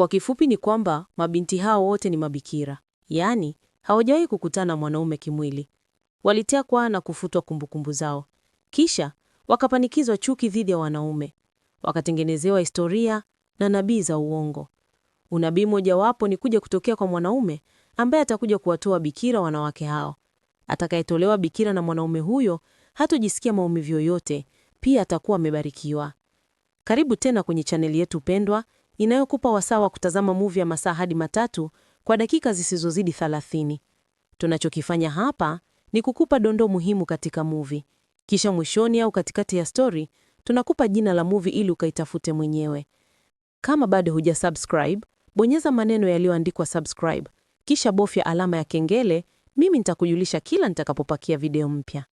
Kwa kifupi ni kwamba mabinti hao wote ni mabikira, yaani hawajawahi kukutana mwanaume kimwili. Walitekwa na kufutwa kumbukumbu zao, kisha wakapanikizwa chuki dhidi ya wanaume, wakatengenezewa historia na nabii za uongo. Unabii mojawapo ni kuja kutokea kwa mwanaume ambaye atakuja kuwatoa bikira wanawake hao. Atakayetolewa bikira na mwanaume huyo hatojisikia maumivu yoyote, pia atakuwa amebarikiwa. Karibu tena kwenye chaneli yetu pendwa inayokupa wasaa wa kutazama movie ya masaa hadi matatu kwa dakika zisizozidi 30. Tunachokifanya hapa ni kukupa dondoo muhimu katika movie. Kisha mwishoni au katikati ya story tunakupa jina la movie ili ukaitafute mwenyewe. Kama bado huja subscribe, bonyeza maneno yaliyoandikwa subscribe, kisha bofya alama ya kengele. Mimi nitakujulisha kila nitakapopakia video mpya.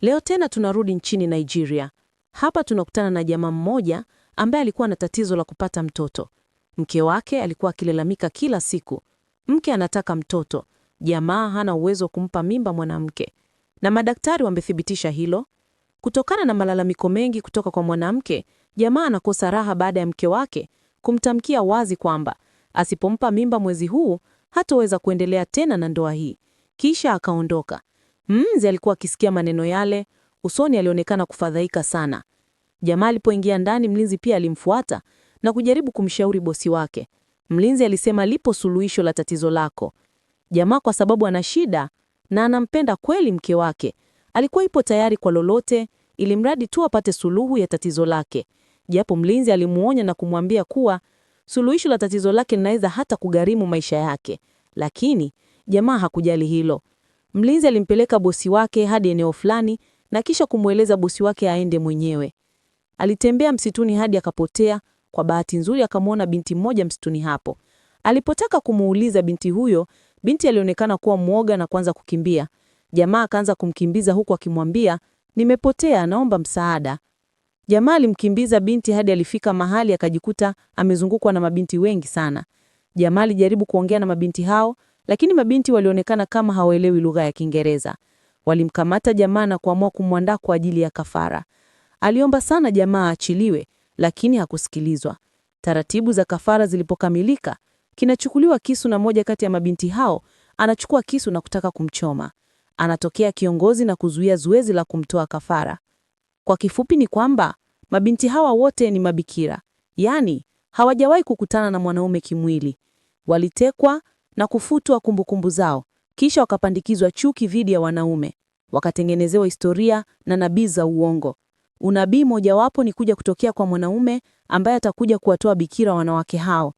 Leo tena tunarudi nchini Nigeria. Hapa tunakutana na jamaa mmoja ambaye alikuwa na tatizo la kupata mtoto. Mke wake alikuwa akilalamika kila siku, mke anataka mtoto, jamaa hana uwezo wa kumpa mimba mwanamke, na madaktari wamethibitisha hilo. Kutokana na malalamiko mengi kutoka kwa mwanamke, jamaa anakosa raha baada ya mke wake kumtamkia wazi kwamba asipompa mimba mwezi huu hatoweza kuendelea tena na ndoa hii. Kisha akaondoka. Mzee alikuwa akisikia maneno yale, usoni alionekana kufadhaika sana. Jamaa alipoingia ndani, mlinzi pia alimfuata na kujaribu kumshauri bosi wake. Mlinzi alisema lipo suluhisho la tatizo lako. Jamaa kwa sababu ana shida na anampenda kweli mke wake, alikuwa ipo tayari kwa lolote, ili mradi tu apate suluhu ya tatizo lake, japo mlinzi alimuonya na kumwambia kuwa suluhisho la tatizo lake linaweza hata kugharimu maisha yake, lakini jamaa hakujali hilo. Mlinzi alimpeleka bosi wake hadi eneo fulani na kisha kumweleza bosi wake aende mwenyewe. Alitembea msituni hadi akapotea. Kwa bahati nzuri, akamwona binti mmoja msituni hapo. Alipotaka kumuuliza binti huyo, binti alionekana kuwa mwoga na kuanza kukimbia. Jamaa akaanza kumkimbiza huku akimwambia, nimepotea, naomba msaada. Jamaa alimkimbiza binti hadi alifika mahali akajikuta amezungukwa na mabinti wengi sana. Jamaa alijaribu kuongea na mabinti hao, lakini mabinti walionekana kama hawaelewi lugha ya Kiingereza. Walimkamata jamaa na kuamua kumwandaa kwa ajili ya kafara. Aliomba sana jamaa aachiliwe, lakini hakusikilizwa. Taratibu za kafara zilipokamilika, kinachukuliwa kisu na moja kati ya mabinti hao anachukua kisu na kutaka kumchoma. Anatokea kiongozi na kuzuia zoezi la kumtoa kafara. Kwa kifupi ni kwamba mabinti hawa wote ni mabikira, yaani hawajawahi kukutana na mwanaume kimwili. Walitekwa na kufutwa kumbukumbu zao, kisha wakapandikizwa chuki dhidi ya wanaume, wakatengenezewa historia na nabii za uongo. Unabii mojawapo ni kuja kutokea kwa mwanaume ambaye atakuja kuwatoa bikira wanawake hao.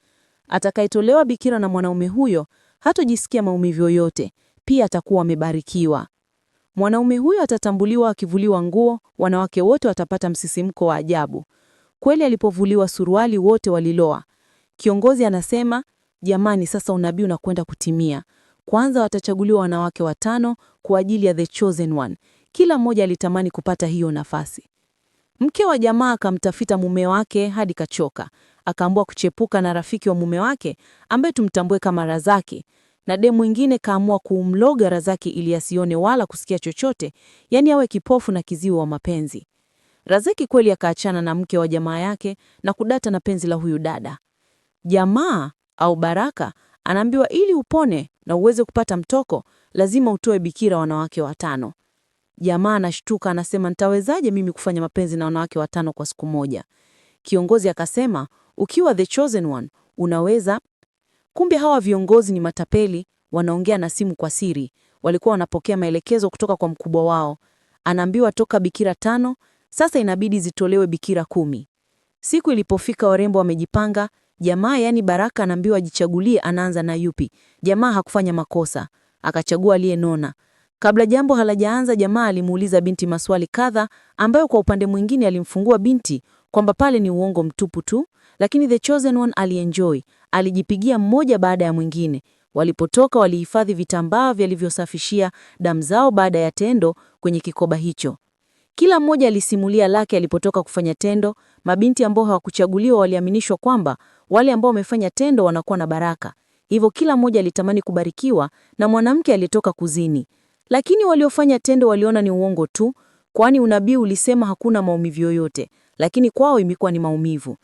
Atakayetolewa bikira na mwanaume huyo hatojisikia maumivu yoyote, pia atakuwa amebarikiwa. Mwanaume huyo atatambuliwa akivuliwa nguo, wanawake wote watapata msisimko wa ajabu. Kweli alipovuliwa suruali wote waliloa. Kiongozi anasema, jamani, sasa unabii unakwenda kutimia. Kwanza watachaguliwa wanawake watano kwa ajili ya the chosen one. Kila mmoja alitamani kupata hiyo nafasi. Mke wa jamaa akamtafuta mume wake hadi kachoka, akaamua kuchepuka na rafiki wa mume wake ambaye tumtambue kama Razaki, na demu mwingine kaamua kuumloga Razaki ili asione wala kusikia chochote, yaani awe kipofu na kiziwi wa mapenzi. Razaki kweli akaachana na mke wa jamaa yake na kudata na penzi la huyu dada. Jamaa au Baraka anaambiwa ili upone na uweze kupata mtoko lazima utoe bikira wanawake watano. Jamaa anashtuka, anasema nitawezaje mimi kufanya mapenzi na wanawake watano kwa siku moja? Kiongozi akasema ukiwa the chosen one unaweza. Kumbe hawa viongozi ni matapeli, wanaongea na simu kwa siri. Walikuwa wanapokea maelekezo kutoka kwa mkubwa wao. Anaambiwa toka bikira tano, sasa inabidi zitolewe bikira kumi. Siku ilipofika, warembo wamejipanga. Jamaa yani Baraka anaambiwa ajichagulie, anaanza na yupi. Jamaa hakufanya makosa, akachagua aliyenona. Kabla jambo halajaanza jamaa alimuuliza binti maswali kadha ambayo kwa upande mwingine alimfungua binti kwamba pale ni uongo mtupu tu, lakini The Chosen One alienjoy, alijipigia mmoja baada ya mwingine. Walipotoka walihifadhi vitambaa vilivyosafishia damu zao baada ya tendo kwenye kikoba hicho. Kila mmoja alisimulia lake alipotoka kufanya tendo. Mabinti ambao hawakuchaguliwa waliaminishwa kwamba wale ambao wamefanya tendo wanakuwa na baraka, hivyo kila mmoja alitamani kubarikiwa na mwanamke aliyetoka kuzini. Lakini waliofanya tendo waliona ni uongo tu, kwani unabii ulisema hakuna maumivu yoyote, lakini kwao imekuwa ni maumivu.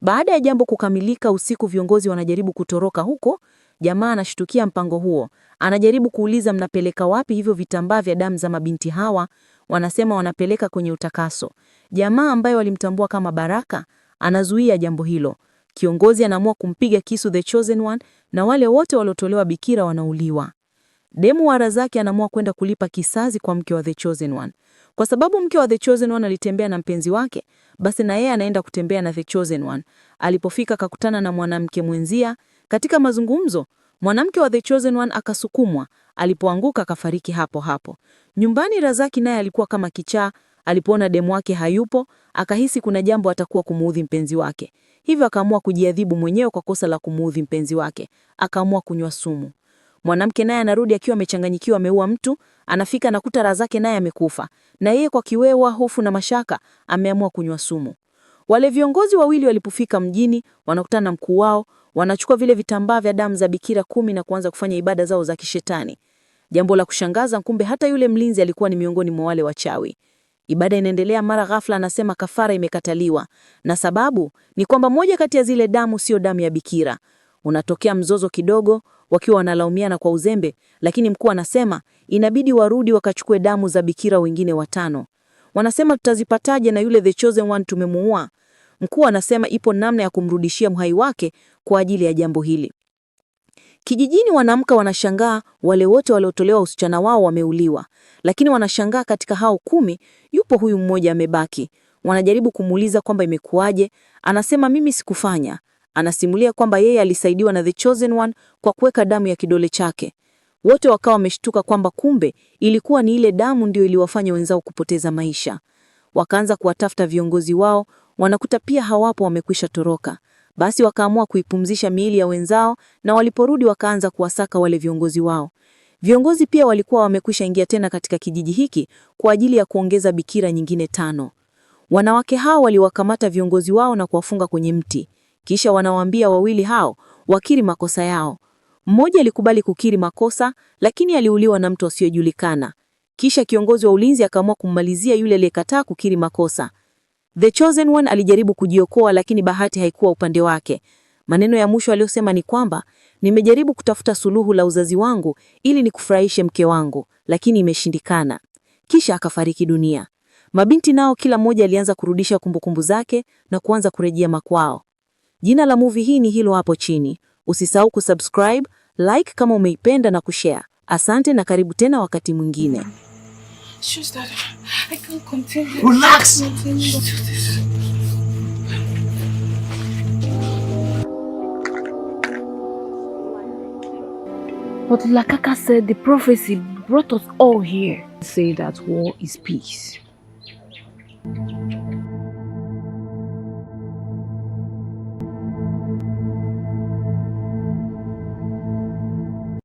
Baada ya jambo kukamilika usiku, viongozi wanajaribu kutoroka huko. Jamaa anashtukia mpango huo, anajaribu kuuliza mnapeleka wapi hivyo vitambaa vya damu za mabinti hawa? Wanasema wanapeleka kwenye utakaso. Jamaa ambaye walimtambua kama Baraka anazuia jambo hilo. Kiongozi anaamua kumpiga kisu the chosen one, na wale wote waliotolewa bikira wanauliwa. Demu wa Razaki anaamua kwenda kulipa kisasi kwa mke wa The Chosen One. Kwa sababu mke wa The Chosen One alitembea na mpenzi wake, basi na yeye anaenda kutembea na The Chosen One. Alipofika akakutana na mwanamke mwenzia. Katika mazungumzo, mwanamke wa The Chosen One akasukumwa, alipoanguka akafariki hapo hapo. Nyumbani Razaki naye alikuwa kama kichaa, alipoona demu wake hayupo, akahisi kuna jambo atakuwa kumuudhi mpenzi wake. Hivyo akaamua kujiadhibu mwenyewe kwa kosa la kumuudhi mpenzi wake. Akaamua kunywa sumu. Mwanamke naye anarudi akiwa amechanganyikiwa, ameua mtu, anafika nakuta raha zake naye amekufa, na yeye kwa kiwewa, hofu na mashaka, ameamua kunywa sumu. Wale viongozi wawili walipofika mjini, wanakutana na mkuu wao, wanachukua vile vitambaa vya damu za bikira kumi na kuanza kufanya ibada zao za kishetani. Jambo la kushangaza, kumbe hata yule mlinzi alikuwa ni miongoni mwa wale wachawi. Ibada inaendelea, mara ghafla anasema kafara imekataliwa, na sababu ni kwamba moja kati ya zile damu sio damu ya bikira. Unatokea mzozo kidogo, wakiwa wanalaumiana kwa uzembe, lakini mkuu anasema inabidi warudi wakachukue damu za bikira wengine watano. Wanasema tutazipataje na yule the chosen one tumemuua? Mkuu anasema ipo namna ya kumrudishia mhai wake kwa ajili ya jambo hili. Kijijini wanamka wanashangaa, wale wote waliotolewa usichana wao wameuliwa, lakini wanashangaa katika hao kumi yupo huyu mmoja amebaki. Wanajaribu kumuuliza kwamba imekuwaje, anasema mimi sikufanya. Anasimulia kwamba yeye alisaidiwa na The Chosen One kwa kuweka damu ya kidole chake. Wote wakawa wameshtuka kwamba kumbe ilikuwa ni ile damu ndio iliwafanya wenzao kupoteza maisha. Wakaanza kuwatafuta viongozi wao, wanakuta pia hawapo, wamekwisha toroka. Basi wakaamua kuipumzisha miili ya wenzao, na waliporudi wakaanza kuwasaka wale viongozi wao. Viongozi pia walikuwa wamekwisha ingia tena katika kijiji hiki kwa ajili ya kuongeza bikira nyingine tano. Wanawake hao waliwakamata viongozi wao na kuwafunga kwenye mti. Kisha wanawaambia wawili hao wakiri makosa yao. Mmoja alikubali kukiri makosa, lakini aliuliwa na mtu asiyojulikana. Kisha kiongozi wa ulinzi akaamua kummalizia yule aliyekataa kukiri makosa. The Chosen One alijaribu kujiokoa, lakini bahati haikuwa upande wake. Maneno ya mwisho aliyosema ni kwamba nimejaribu kutafuta suluhu la uzazi wangu ili nikufurahishe mke wangu, lakini imeshindikana. Kisha akafariki dunia. Mabinti nao kila mmoja alianza kurudisha kumbukumbu zake na kuanza kurejea makwao. Jina la movie hii ni hilo hapo chini. Usisahau kusubscribe, like kama umeipenda na kushare. Asante na karibu tena wakati mwingine. But like Kaka said, the prophecy brought us all here. Say that war is peace.